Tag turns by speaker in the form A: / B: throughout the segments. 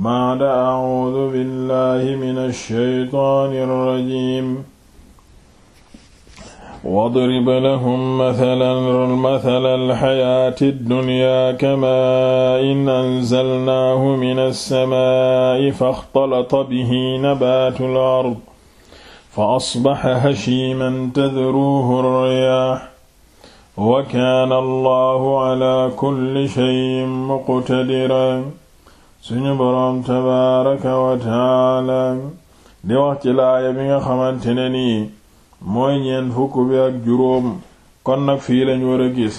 A: baada acuudu billahi min alsheytaani alrajim wadrib lahum mathalan mathala alxayaati addunya kamaain anzalnaahu min alsamaai faxtalata bihi nabaatu alard fa asbaxa hashiiman tadruuhu alriyaax wa kaana allahu cala kulli sheyin muqtadiran suñu boroom tabaaraka wa taala wax ci laaya bi nga xamante ne nii mooy ñeent fukk bi ak juróom kon nag fii lañ war a gis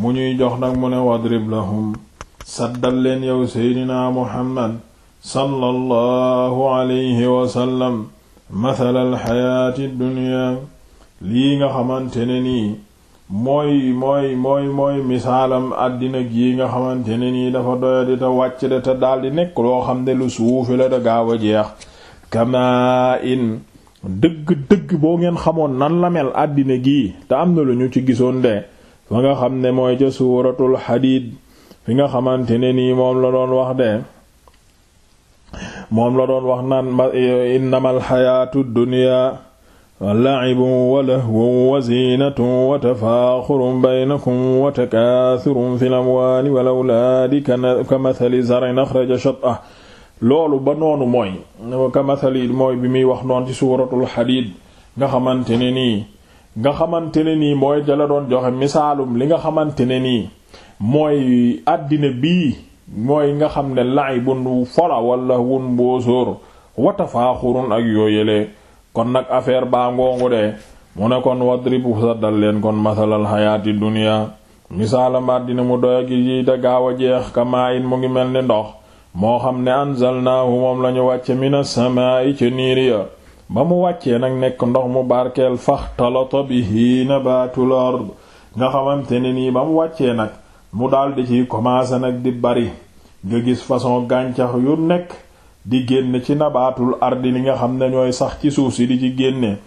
A: mu ñuy jox nag mu ne wadrib lahum saddal leen yow seydinaa muhammad sallallahu alayhi wasallam masalal xayaati dunya lii nga xamante ne nii mooy mooy mooy mooy misaalam àddina gi nga xamante ne nii dafa doyadi te wàcc de te daldi nekk loo xam ne lu suufi la da gaaw a jeex kamaa in dëgg-dëgg boo ngeen xamoon nan la mel àddina gi te am na lu ñu ci gisoon de fa nga xam ne mooy ca suuratul xadiid fi nga xamante ne nii moom la doon wax de moom la doon wax naan innamal xayaatu dunya wa lacibun wa lahwun wa ziinatun wa tafaaxurun baynakum wa takaasurun fil amwaali ka mathali zarin axraja shat'ahu loolu ba noonu mooy ka mathali mooy bi muy wax noon ci suuratul xadiid nga xamante ne nii nga xamante ne nii mooy jala doon joxe misaalum li nga xamante ne nii mooy àddina bii mooy nga xam ne lacibun fola wala wun boosóor ak yooyele kon nag affaire baa ngoongu de mu ne kon wadribu saddal leen kon masalal xayaati dunia misaalam àddina mu doy ak yi da gaaw a jeex kamaa mu ngi mel ni ndox moo xam ne anzalnaahu moom lañu wàcce mina samaa'i ca niir ya ba mu wàccee nag nekk ndox mu barkeel faxtalata bihi nabaatul ard nga xamante ne nii ba mu wàccee nag mu daldi ci commencé nag di bari nga gis façon gàncax yu nekk di génn ci nabaatul ardi li nga xam ne ñooy sax ci suuf si di ci génne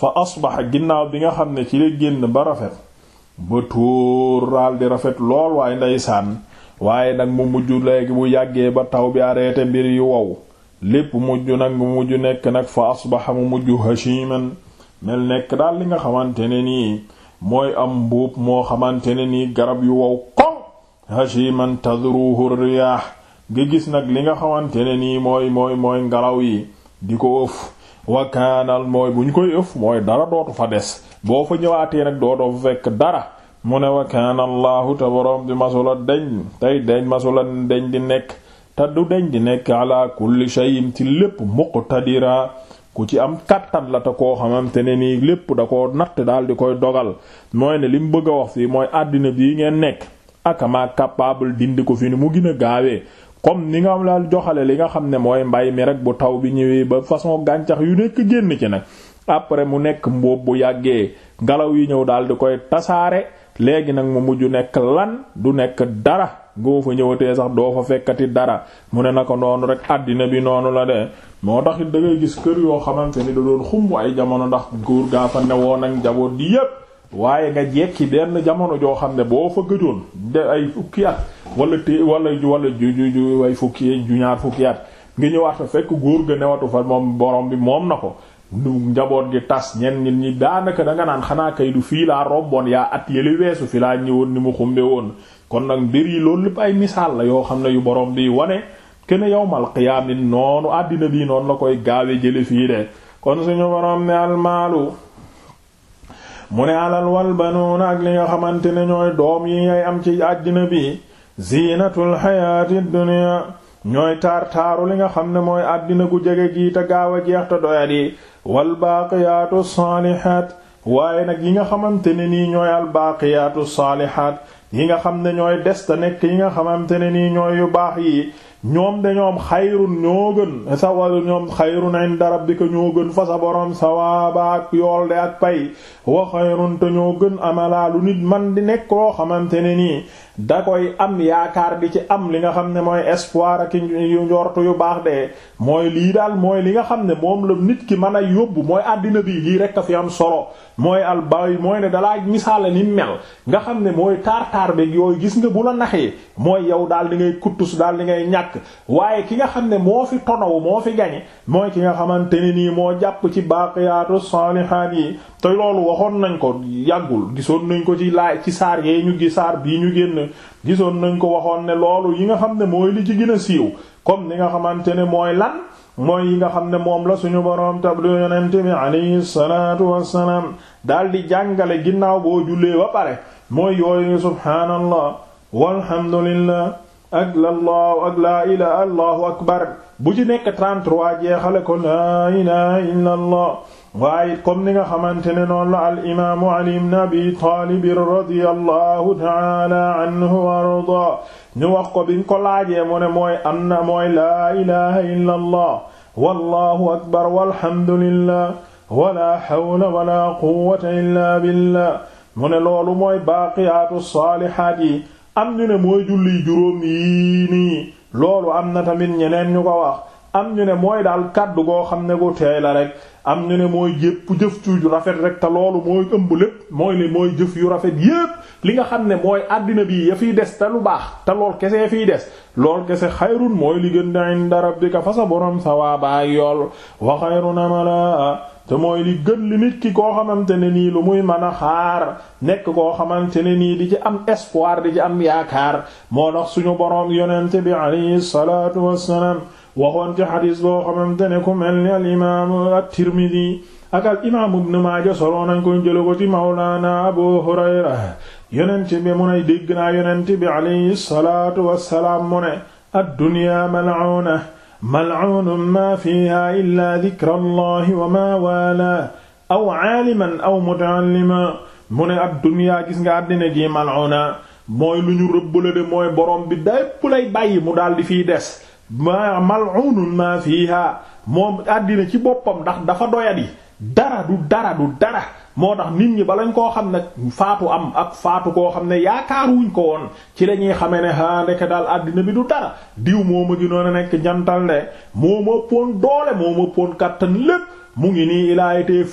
A: fa asbaxa ginnaaw bi nga xam ne ci la génn ba rafet ba tóor daal di rafet lool waaye ndeysaan waaye nag mu mujj léegi bu yàggee ba taw bi arrêté mbir yu wow lépp mujj nag mu mujj nekk nag fa asbaxa mu mujj hashiman mel nekk daal li nga xamante ne nii mooy am mbuub moo xamante ne nii garab yu wow koŋ hashiman tadruhu riyah nga gis nag li nga xamante ne nii mooy mooy mooy ngelaw yi di ko ëf wakaanal mooy bu ñu koy ëf mooy dara dootu fa des boo fa ñëwaatee nag dootoo fa fekk dara mu ne wakaana allahu te boroom bi masula deñ tey deñ masula deñ di nekk te du deñ di nekk ala kulli ci lépp muqtadira ku ci am kàttan la te koo xamante ne nii lépp da ko natt daal di koy dogal mooy ne li mu bëgg a wax fii mooy àddina bi ngeen nekk akamaa capable dindi ko fi ni mu gën a comme ni nga am la joxale li nga xam ne mooy mbay mi rek bu taw bi ñëwee ba façon gàncax yu nekk génn ci nag après mu nekk mboob bu yàggee ngelaw yi ñëw daal di koy tasaare léegi nag mu mujj nekk lan du nekk dara ngoo fa ñëwatee sax doo fa fekkati dara mu ne na ko noonu rek àddina bi noonu la de moo tax it da ngay gis kër yoo xamante ni da doon xumb ay jamono ndax góor gaa fa newoon ak njaboot di yépp waaye nga jekki benn jamono joo xam ne boo fa gëjoon de wala té wala wala ju ju ju way fukki ju ñaar fukki at nga ñëwaat fekk góor ga newatu fa borom bi moom na ko njaboot gi tas ñen nit ñi daanaka danga naan xanaa kay du fii laa romboon yaa at yële weesu fi laa ñëwoon ni mu xumbe woon kon nag mbir yi loolu lépp ay misaal la yoo xam ne yu borom bi wane kenn yowmal qiyaam ni noonu àddina bii noonu la koy gaawe jële fii de kon suñu borom ne almaalu mu ne alal wal banuun ak li nga xamante ne ñooy doom yi ngay am ci bi ziinatul xayaati dunya ñooy taar taaru li nga xam ne mooy àddina gu jege gii te gaaw a jeex te yi wal baaqiyaatu saalihaat waaye nag yi nga xamante ne nii ñooy al baaqiyaatu saalihaat yi nga xam ne ñooy des te yi nga xamante ne nii ñooy yu baax yi ñoom de ñoom xayrun ñoo gën sawal ñoom xayrun inda rabbika ñoo gën fa sa boroom sawaaba ak yool de ak pay wa xayrun te ñoo gën amala lu nit man di nekk loo ne nii da koy am yaakaar bi ci am li nga xam ne mooy espoir ak yu njortu yu baax de mooy lii daal mooy li nga xam ne moom la nit ki mën a yóbbu mooy àddina bi lii rek a fi am solo mooy al bay mooy ne dalaa misaale ni mel nga xam ne mooy taar-taar beeg yooyu gis nga bu la naxee mooy yow daal di ngay kuttus daal di ngay ñàkk waaye ki nga xam ne moo fi tonaw moo fi gañe mooy ki nga xamante ne nii moo jàpp ci baaqiyaatu saalihaat yi te loolu waxoon nañ ko yàggul gisoon nañ ko ci laay ci saar yee ñu gi saar bii ñu génn gisoon nañ ko waxoon ne loolu yi nga xam ne mooy li ci gën a siiw comme ni nga xamante ne mooy lan mooy yi nga xam ne moom la suñu boroom tablu yonent bi alayhi salaatu wassalaam daldi jàngale ginnaaw boo jullee ba pare mooy yooyu subhaanallah walhamdulillah ak lallahu ak allahu akbar bu ci nekk 33 jeexale ko laa ilaha illa waaye comme ni nga xamante ne noonu la al imaamu ali ibn abi taalib radiyallahu taala anhu wa arda ñu wax ko biñ ko laajee mu mooy am na mooy laa ilaha illa allah wallahu akbar walhamdulillah wala hawla wala quwwata illa billah mu loolu mooy baaqiyaatu saalihaat yi am ñu ne julli juróom yii loolu am na tamit ñeneen ñu ko wax am ñu ne mooy daal kàddu goo xam ne gu teey rek am ñu ne mooy jépp jëf ju rafet rek te loolu mooy ëmb lépp mooy ne mooy jëf yu rafet yépp li nga xam ne mooy àddina bi ya fiy des te lu baax te lool kese fiy des lool kese xayrun mooy li gën da inda rabbika fa sa borom sawaaba yool wa xayrun amala mooy li gën li nit ki koo xamante ne nii lu muy mën a xaar nekk koo xamante ne nii di ci am espoir di ci am yaakaar moo tax suñu borom yonente bi alayhi salaatu wassalaam waxoon ci xadis boo xamante ne ku mel ni al imaamu ak al imaamu Ibnu Maaja soloo nañ ko jële Abu Hurayra yonent bi mu ne dégg naa yonent bi alayhi salaatu wassalaam mu ne ad-dunya mal'uuna mal'uunun maa fiihaa illaa wa maa waalaa aw aaliman aw muta'alliman mu ne ad-dunya gis nga àddina mooy lu ñu rëbbala de mooy borom bi dépp lay bàyyi mu daal di des ma mal'unun ma fiha moom àddina ci boppam ndax dafa doyadi dara du dara du dara moo tax nit ñi balañ koo xam ne faatu am ak faatu koo xam ne yaakaar wuñ ko woon ci la ñuy xamee ne a ndeke daal àddina bi du dara diw moo ma gënoon a nekk jantal ne moo ma ëppoon doole moo ma ëppoon kàttan lépp mu ngi nii il a été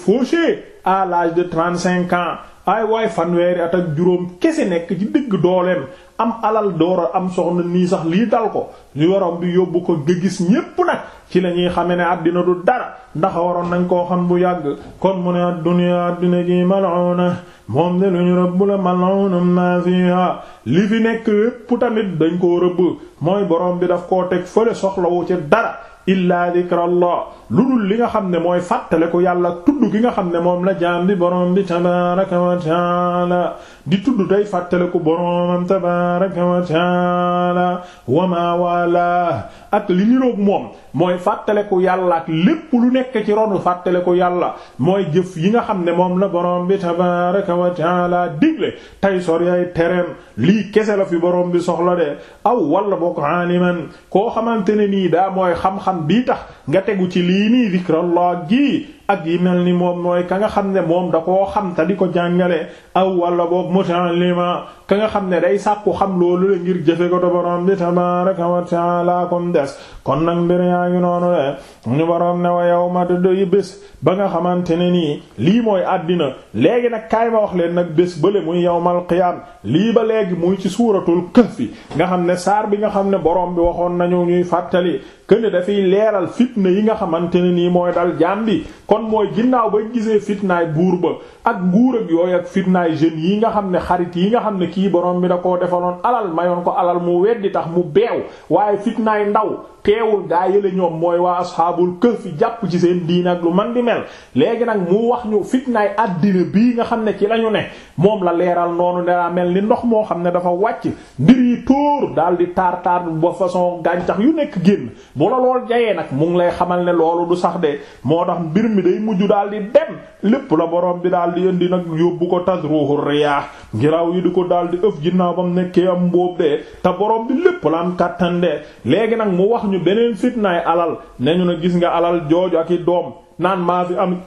A: à l'âge de trente-cinq ans ay waay fanweeri at ak juróom kese nekk ci digg dooleem am alal doora am soxna nii sax lii dal ko yorom bi yóbbu ko nga gis ñépp nag ci la ñuy xame ne àddina du dara ndax waroon nañ koo xam bu yàgg kon mu ne adduniya addina ji mal'una moom de lu ñu rëbb la mal'una ma fiha li fi nekk lépp tamit dañ koo rëbb mooy borom bi daf koo teg fële soxlawu ci dara illaa dhikrallah lu dul li nga xam ne mooy fàttale ko yàlla tudd gi nga xam ne moom la jaam bi borom bi tabaaraka wa taala di tudd tey fàttale ko boromam tabaaraka wa taala wa maa waalaa ak li niroog moom mooy fàttale ko yàlla ak lépp lu nekk ci ronu fàttale ko yàlla mooy jëf yi nga xam ne moom la borom bi tabaaraka wa taala digle tey sori tereem lii kese la fi borom bi soxla de aw walla bokk aaliman koo xamante nii daa mooy xam xam bii tax nga tegu ci lii nii zikrallah gi ak yi mel ni moom mooy ka nga xam ne moom da koo xam te di ko jàngale aw wala boog mutallima ka nga xam ne day sàkku xam loolu la ngir jëfe ko to borom bi tabaraka wa laa kon des kon nag mbir yaa ngi noonu le ñu borom ne wa yow ma doy bés ba nga xamante ne nii lii mooy àddina léegi nag kaay ma wax leen nag bés bale muy yawmal qiyaam lii ba léegi muy ci suuratul kahfi nga xam ne saar bi nga xam ne borom bi waxoon nañu ñuy fàttali que dafiy leeral fitna yi nga xamante ne nii mooy dal jaam bi kon mooy ginnaaw ba gisee fitnaay buur ak nguur ak yooyu ak fitnaay jeunes yi nga xam ne xarit yi nga xam ne kii borom bi da koo defaloon alal mayoon ko alal mu weddi tax mu beew waaye fitnaay ndaw teewul gaa ñoom mooy waa asxaabul kahfi jàpp ci seen diin lu man di mel léegi nag mu wax ñu fitnaay àddina bii nga xam ne ci lañu ne moom la leeral noonu daa mel ni ndox moo xam ne dafa wàcc mbir yi tóor daal di taar taar ba façon gàncax yu nekk génn bu la lool jayee nag mu lay xamal ne loolu du sax de moo tax mbir mi day mujj daal di dem lépp la borom bi daal di indi nag yóbbu ko tasruhu riyaah ngiraw yi di ko daal di ëf ginnaaw bam nekkee am boob de te borom bi lépp la am kàttan de léegi nag mu wax ñu beneen fitnaay alal ne ñu na gis nga alal jooju ak i doom naan maa fi am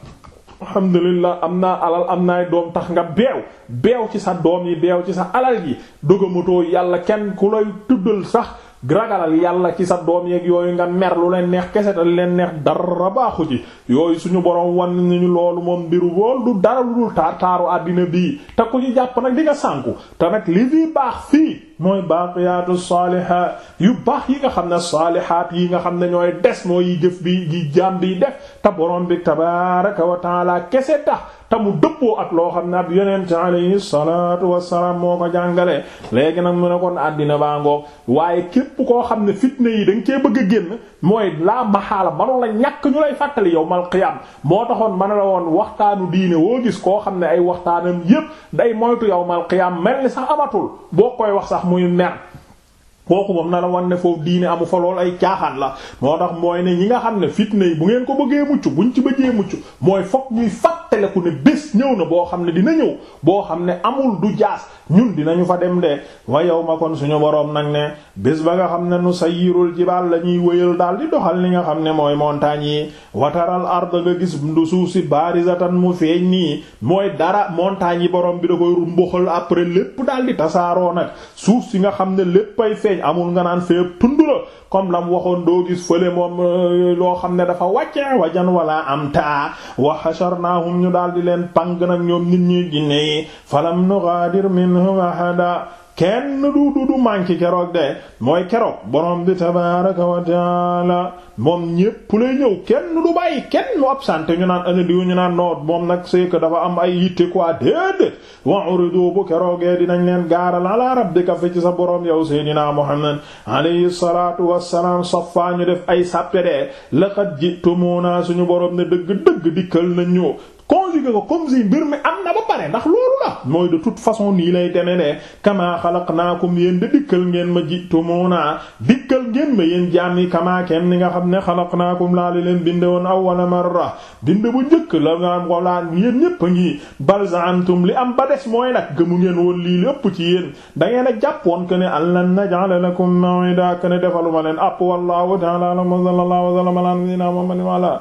A: alhamdulillah am naa alal am naay doom tax nga beew beew ci sa doom yi beew ci sa alal yi dogamatoo yàlla kenn ku lay tuddal sax ragalal yàlla ci sa doom yeeg yooyu nga mer lu leen neex kese te leen neex dara baaxu ci yooyu suñu boroom wan nañu loolu moom mbiru loolu du dara lu dul taar taaru àddina bii te ku ci jàpp nag di nga te nag li fi baax fii. mooy baaqiyaatu saalihaat yu baax yi nga xam ne saalihaat yi nga xam ne ñooy des mooy yi jëf bi yi jaam bi def te borom bi tabaaraka wa taala kese tax te mu dëppoo ak loo xam ne ab yonent alayhi salaatu wassalaam moo ko jàngalee léegi nag mu ne kon àddina baa ngoog waaye képp koo xam ne fitna yi da nga cee bëgg a génn mooy laa maxaala manu la ñàkk ñu lay fàttali yawmal qiyaam moo taxoon mën la woon waxtaanu diine woo gis koo xam ne ay waxtaanam yépp day moytu yawmal qiyaam mel ni sax amatul muy mer kooku moom na la wan ne foofu diine amu fa lool ay caaxaan la moo tax mooy ne ñi nga xam ne fitna yi bu ngeen ko bëggee mucc buñ ci bëggee mucc mooy fokk ñuy fat fàttaleku ne bés ñëw na boo xam ne dina ñëw boo xam ne amul du jaas ñun dinañu fa dem de waa yow ma kon suñu boroom nag ne bés ba nga xam ne nu sa sayyirul jibaal la ñuy wëyal daal di doxal li nga xam ne mooy montagnes yi wataral arda nga gis ndu suuf si barizatan mu feeñ nii mooy dara montagnes yi boroom bi da koy rumbuxal après lépp daal di tasaaroo nag suuf si nga xam ne léppay feeñ amul nga naan fépp tund la comme lam waxoon doo gis fële moom euh, loo xam ne dafa wàcce wajan wala am taa wa hasharnahum ñu daal di leen pang nag ñoom nit ñuy jinne yi falam nughaadir minhum ahada kenn du du du manki keroog de mooy keroog borom bi tabaaraka wa taala moom ñépp lay ñëw kenn du bàyyi kenn lu absente ñu naan ana diw ñu naan noot moom nag c'est que dafa am ay yitte quoi déedéet wa uridu bu keroogee dinañ leen gaaral ala rabbika fi ci sa borom yow seydinaa muhammad alayhi salaatu wassalaam saffaa ñu def ay sàppe de laqad jitumuna suñu borom ne dëgg dëgg dikkal nañ ñu conjugué ko comme si mbir mi am na ba pare ndax loolu la mooy de toute façon nii lay deme ne kamaa xalaqnaakum yéen de dikkal ngeen ma jitumuuna dikkal ngeen ma yéen jaam yi kamaa kenn ni nga xam ne xalaqnaakum laa li leen binde woon awwala marra binde bu njëkk la nga am wala yéen ñépp a ngi bal za'amtum li am ba des mooy nag gëmu ngeen woon lii lépp ci yéen da ngeen a jàppoon que ne allan naj'ala lakum maw'ida que ne defaluma leen app wallahu ta'ala wa sallallahu wa sallama ala nabiyyina muhammadin wa